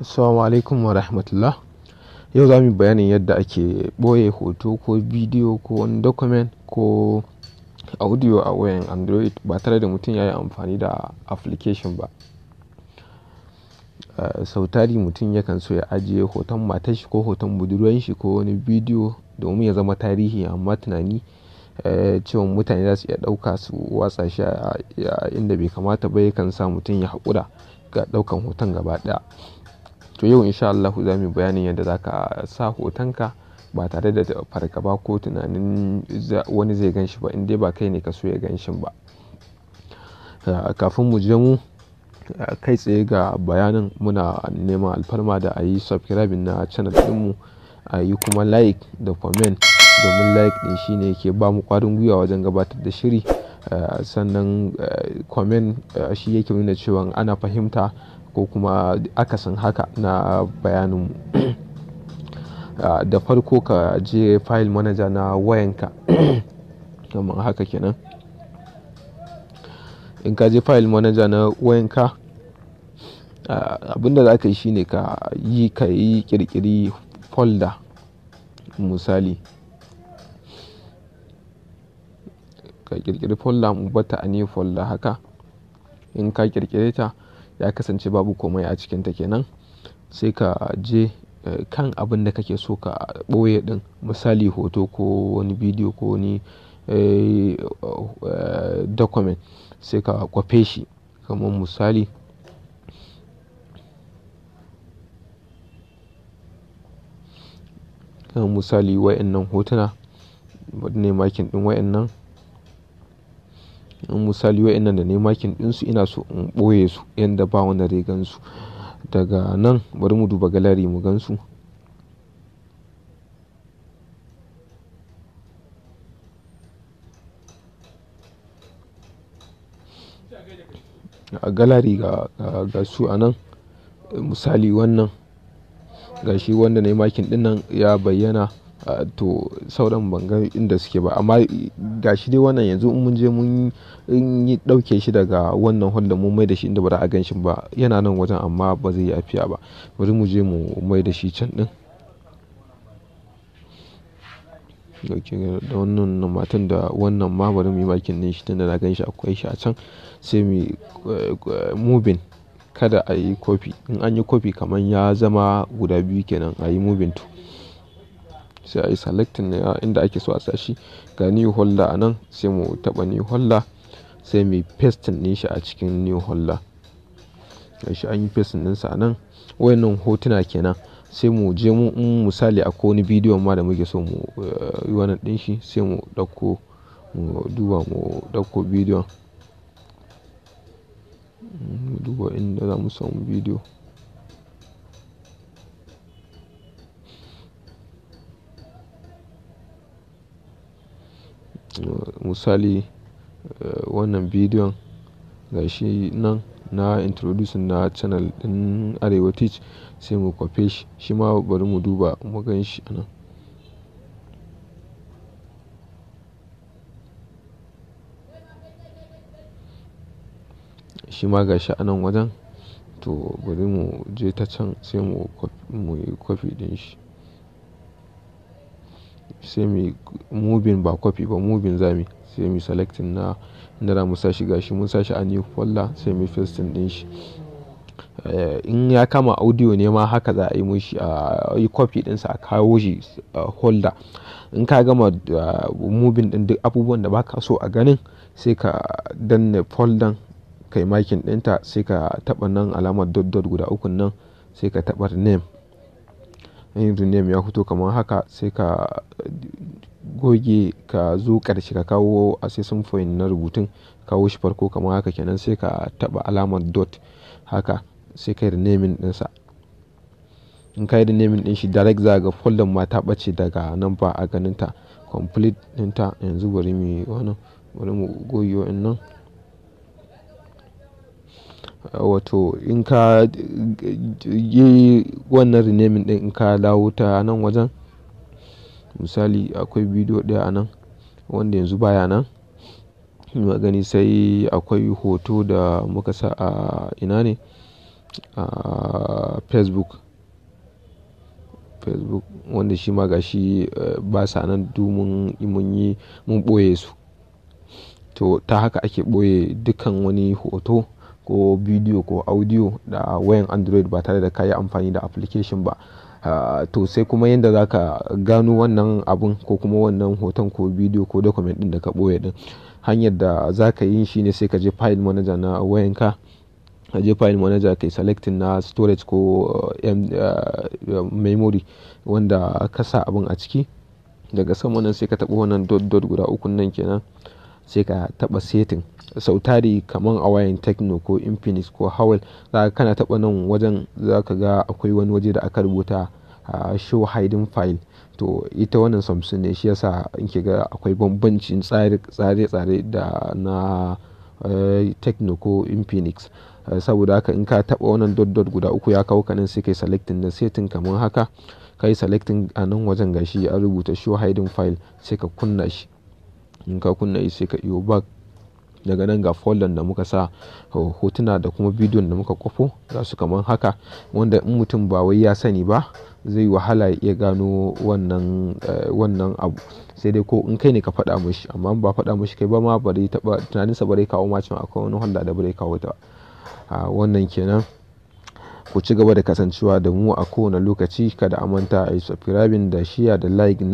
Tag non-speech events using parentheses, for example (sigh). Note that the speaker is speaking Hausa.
Assalamu alaikum wa rahmatullah. Yau za mu bayanin yadda ake ɓoye hoto ko bidiyo ko wani document ko audio a wayan Android ba tare da mutum ya yi amfani da application ba. Eh, sau tari mutum yakan so ya ajiye hoton matar shi ko hoton budurwan shi ko wani bidiyo domin ya zama tarihi amma tunani eh, cewa mutane za su iya ɗauka su watsa shi a inda bai kamata ba yakan sa mutum ya haƙura ga ɗaukan hoton gaba ɗaya. To yau insha Allah za mu bayanin yadda za ka sa hotonka ba tare da fargaba ko tunanin wani zai gan ba in dai ba kai ne ka so ya gan ba. Ah, kafin mu je mu ah, kai tsaye ga bayanin muna neman alfarma da a yi subscribe na channel dinmu a yi kuma like da comment domin like ɗin ne ke ba mu ƙwarin gwiwa wajen gabatar da shiri. Ah, sannan eh, comment shi yake nuna cewa ana fahimta ko kuma akasin haka na bayaninmu (clears throat) ah, da farko ka je file manager na wayanka (clears throat) kamar haka kenan in ka je file manager na wayanka ah, abinda za ka yi shine ka yi ka yi kirkiri folder misali ka kirkiri folder mu bata a ne folder haka in ka kirkire ta ya kasance babu komai a cikinta kenan sai ka je eh, kan abin da kake so ka ɓoye ɗin misali hoto ko wani bidiyo ko wani eh, eh, document sai ka kwafe shi kamar misali misali nan hotuna ne makin ɗin nan in misali wa'innan da ne makin ɗinsu ina so in ɓoye su yadda ba wanda zai gansu daga nan bari mu duba galari mu gansu a galari ga, su a nan misali wannan ga shi wanda ne makin ɗinnan ya bayyana Ah, to sauran banga inda suke ba. Amma ga shi dai wannan yanzu mun je mun yi ɗauke shi daga wannan hol mun mai da shi inda ba a gan shi ba. Yana nan wajen amma ba zai yi afiya ba. Bari mu je mu mai da shi can ɗin. Ɗauke da wannan matan da wannan ma bari mu yi makin ɗin shi tunda na gan shi akwai shi a can sai mu eh, mubin kada a yi kofi In an yi kofi kamar ya zama guda biyu kenan a yi mubin to sai a yi selecting na inda ake so a sashi ga new holder a nan sai mu taba new holder sai mu pasting ne shi a cikin new holder shi an yi pasting ɗinsa a nan wayannan hotuna kenan sai mu je mu misali a wani bidiyon ma da muke so mu eh, yi wannan din shi sai mu dauko mu duba mu dauko bidiyon mu duba inda za mu samu bidiyo Misali eh, wannan bidiyon ga shi nan na introducing na channel ɗin Arewa Teach sai mu kwafe shi. Shi ma bari mu duba mu gan shi nan. Shi ma gashi a nan wajen. To bari mu je ta can sai mu kwafi ɗin shi. sai mu moving ba copy ba moving za mu sai mu selecting na inda za mu sa shi gashi mun sa shi a new folder sai mu pasting ɗin shi. Eh, in ya kama audio ne ma haka za a yi mushi a yi copy ɗinsa a kawo shi holder. In ka gama moving din duk abubuwan da ba ka so a ganin sai ka danne folder kai makin dinta sai ka taɓa nan alamar dot dot guda ukun nan sai ka taɓa name in uranium ya fito kamar haka sai ka goge ka zo karshe ka kawo sun point na rubutun kawo shi farko kamar haka kenan sai ka taba alamar dot haka sai ka yi renaming ɗinsa in ka yi renaming din shi direct za ga folder ma ta bace daga nan ba a ganinta complete ɗinta yanzu bari mu yi bari goge wato in ka yi wannan renaming ɗin in ka dawo ta nan wajen misali akwai bidiyo ɗaya a nan wanda yanzu baya nan gani sai akwai hoto da muka sa a ina ne a facebook facebook wanda shi ma gashi eh, ba sa nan domin mun yi mun ɓoye su to ta haka ake ɓoye dukkan wani hoto ko bidiyo ko audio da wayan Android ba tare da kayi amfani da application ba. Uh, to sai kuma yadda za ka gano wannan abun ko kuma wannan hoton ko bidiyo ko document din da ka boye din hanyar da za ka yi shi ne sai ka je file manager na wayanka ka je file manager ka yi selecting na storage ko uh, uh, memory wanda ka sa abun a ciki daga sama nan sai ka taɓa wannan dot dot guda ukun nan kenan sai ka taɓa setting sautari kaman a wayan techno ko infinix ko howell za ka kana taba nan wajen za ka ga akwai wani waje da aka rubuta a show hiding file to ita wannan samsung ne shi yasa in ke ga akwai bambancin tsare-tsare da na techno ko infinix saboda haka in ka taba wannan dot dot guda uku ya kawo kanin sai kai selecting na setin kamar haka kai selecting a nan wajen gashi a rubuta show hiding file sai ka kunna shi in ka kunna sai ka iyo back daga nan ga folder da muka sa hotuna da kuma bidiyon da muka kwafo za su kaman haka wanda in mutum ba wai ya sani ba zai wahala ya iya gano eh, wannan abu sai dai ko in kai ne ka faɗa mashi amma ba faɗa mashi kai ba ma bari taba tunaninsa bari kawo macin akwai wani holda da bari kawo ta wannan kenan ku ci gaba da kasancewa da mu a kowane lokaci kada a manta a yi subscribing da shiya da like